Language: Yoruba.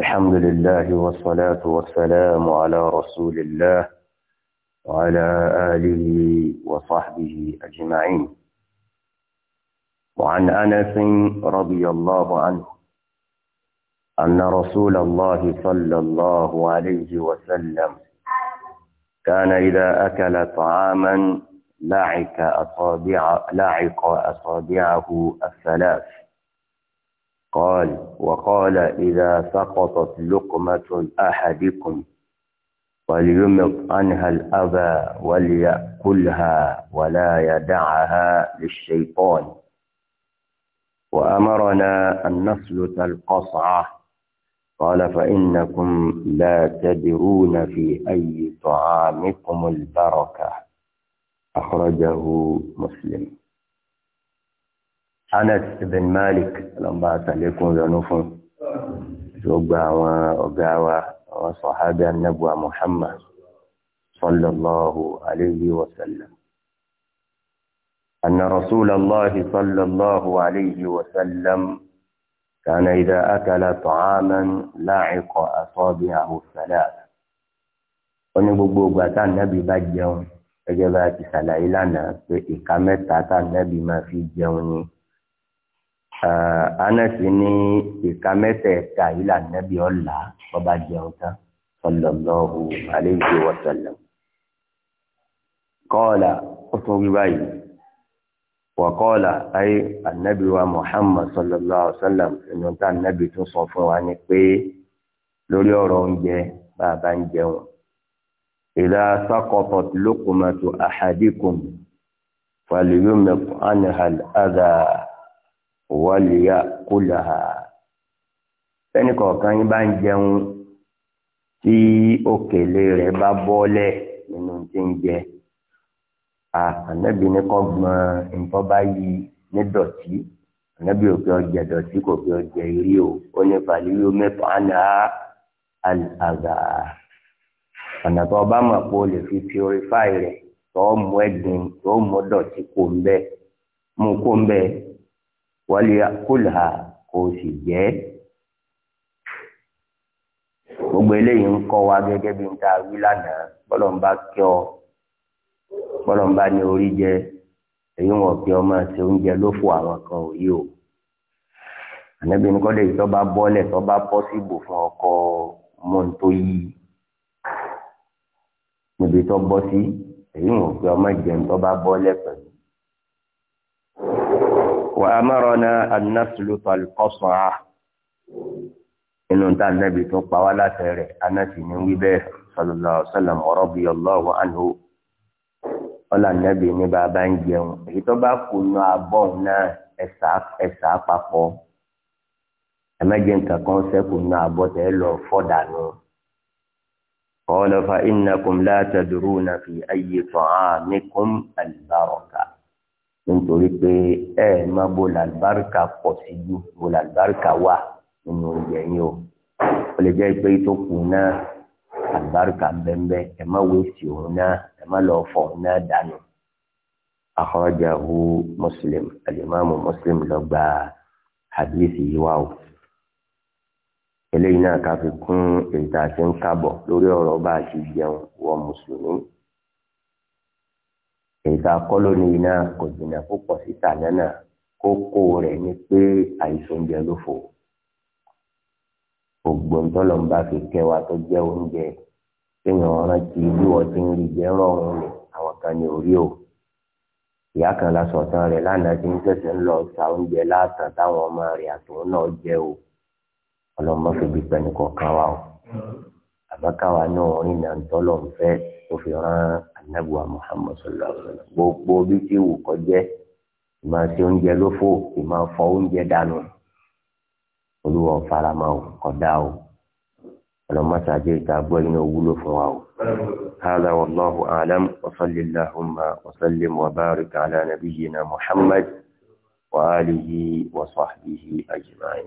الحمد لله والصلاة والسلام على رسول الله وعلى آله وصحبه أجمعين وعن أنس رضي الله عنه أن رسول الله صلى الله عليه وسلم كان إذا أكل طعاما لعك أصابع لعق أصابعه الثلاث قال وقال إذا سقطت لقمة أحدكم فليمط عنها الأبى وليأكلها ولا يدعها للشيطان وأمرنا أن نسلت القصعة قال فإنكم لا تدرون في أي طعامكم البركة أخرجه مسلم Anas ibn Malik lọ́nba àtàlẹ́kùn ìrọ̀nù fún tó gba àwọn ọ̀gá wa àwọn sọ̀hábẹ́ anábùwà Muhammad sallallahu alayhi wa sallam. أن رسول الله صلى الله عليه وسلم كان إذا أكل طعاما لعق أصابعه الثلاث ní gbogbo ìgbà tá nẹ́bí bá jẹun gẹ́gẹ́ bá ti ṣàlàyé lánàá pé ìka mẹ́ta tá nẹ́bí máa fi jẹun ni Ah, anasi ní ìka mẹ́tẹ̀ẹ̀ta yìí là nẹ́bí ọ̀la ọba jẹun tán sallallahu alayhi wa sallam. kọ́ọ̀là ó tún wí báyìí wà kọ́ọ̀là ayé anabi wa muhammad sallallahu alayhi wa sallam ẹnu tá anabi tún sọ fún wa ni pé lórí ọ̀rọ̀ oúnjẹ bá ń jẹun. idha saqatat luqmatu ahadikum falyumit anha al wọ́lìyà kúlàá fẹ́ni kọ̀ọ̀kan yín bá ń jẹun tí òkèlè rẹ̀ bá bọ́lẹ̀ nínú tí ń jẹ ànábì kọ́ gbọ́n nǹkan bá yí ní dọ̀tí ànábì ò fi dọ̀tí kò fi ọjẹ irí o ó ní fàlíwí mẹ́fà àgà ọ̀nà tó bá mọ̀ pé o lè fi purify rẹ̀ tó mú tó mú dọ̀tí kò ń mú kó ń bẹ́ẹ̀. waliya'kulha kò sì jẹ́ gbogbo eléyìí ń kọ́ wa gẹ́gẹ́ bí n ta wí lánàá bọ́lọ́mbà kí ọ bọ́lọ́mbà ní orí jẹ èyí wọn kí ọ máa ṣe oúnjẹ lófò àwọn kan òyì o ànábi ní kọ́lé yìí tó bá bọ́lẹ̀ tó bá pọ́síbù fún ọkọ mọ́ ní tó yí níbi tó bọ́ sí èyí wọn kí ọ máa jẹun tó bá bọ́lẹ̀ pẹ̀lú وأمرنا أن نسلط القصعة إن انتهى النبي توقع ولا تهره أنا سنوي به صلى الله عليه وسلم ورضي الله عنه ولا النبي نبا بانجيون هتبا كنا أبونا ẹsà ẹsà papọ̀ ẹmẹ́jẹ nǹkan kan sẹ́kù ní àbọ̀tẹ́ lọ fọ́dànù qala fa innakum la tadruna fi ayyi nítorí pé ẹ ẹ má bo làlùbáríkà pọ̀ sí ju bo làlùbáríkà wà nínú oúnjẹ yín o ó lè jẹ́ pé tó kù náà àlùbáríkà bẹ́ńbẹ́ ẹ má wéṣì òun náà ẹ má lọ fọ òun náà dànù. akhrajahu Muslim alimami Muslim ló gba hadithi yìí wá o eléyìí náà ká fi kún èyí tá ń kábọ̀ lórí ọ̀rọ̀ bá a ti jẹun wọ mùsùlùmí ìta kọ́lónì náà kò jìnnà púpọ̀ síta nánà kókó rẹ̀ ni pé àìsàn oúnjẹ ló fò gbogbo ntọ́lọ̀ ń bá fi kẹwa tó jẹ́ oúnjẹ kéèyàn rántí bí wọ́n ti ń rí jẹ́ rọrùn ni àwọn kan ní orí o ìyá kan la sọ̀tàn rẹ̀ lánàá tí ń ṣẹ̀ṣẹ̀ ń lọ ta oúnjẹ láàtàn táwọn ọmọ rẹ̀ àtòun náà jẹ́ o ọlọ́mọ fìdí pẹ̀lú kọ̀ọ̀kan wa o àbákáwa náà rìn náà ń fẹ́ tó fi rán anabuwa muhammad sallallahu alaihi wa sallam gbogbo bí tí wù kọjẹ ìmáa ṣe oúnjẹ lófò ìmáa fọ oúnjẹ dànù olúwa ọ̀farama o kọ̀dá o ọlọ́mọ́sàájẹ́ ìta gbọ́ iná wúlò fún wa o. هذا والله أعلم وصل اللهم وسلم وبارك على نبينا محمد وآله وصحبه أجمعين